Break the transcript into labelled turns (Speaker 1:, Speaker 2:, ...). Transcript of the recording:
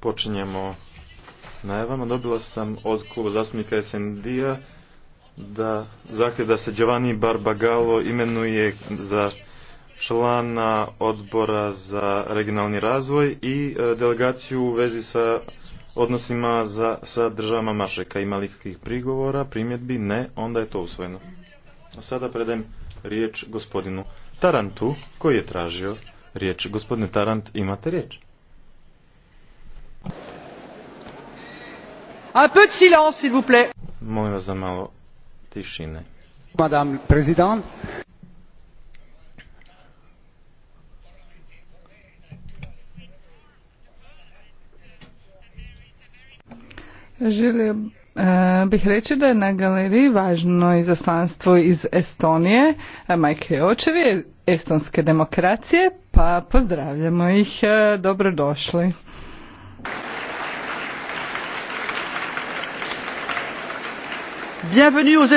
Speaker 1: Počinjemo najavama. Dobila sam od kluba zastupnika SND-a da zahtjev da se Giovanni Barbagalo imenuje za člana odbora za regionalni razvoj i e, delegaciju u vezi sa odnosima sa državama Mašeka. Ima li kakvih prigovora, primjedbi? Ne, onda je to usvojeno. A sada predajem riječ gospodinu Tarantu, koji je tražio riječ. Gospodine Tarant, imate riječ. Un peu de silence, s'il vous plaît. Molim vas za malo tišine.
Speaker 2: Madame Želim E, bih reći da je na galeriji važno izaslanstvo iz Estonije, e, majke i očevi estonske demokracije, pa pozdravljamo ih, e, dobrodošli. Bienvenue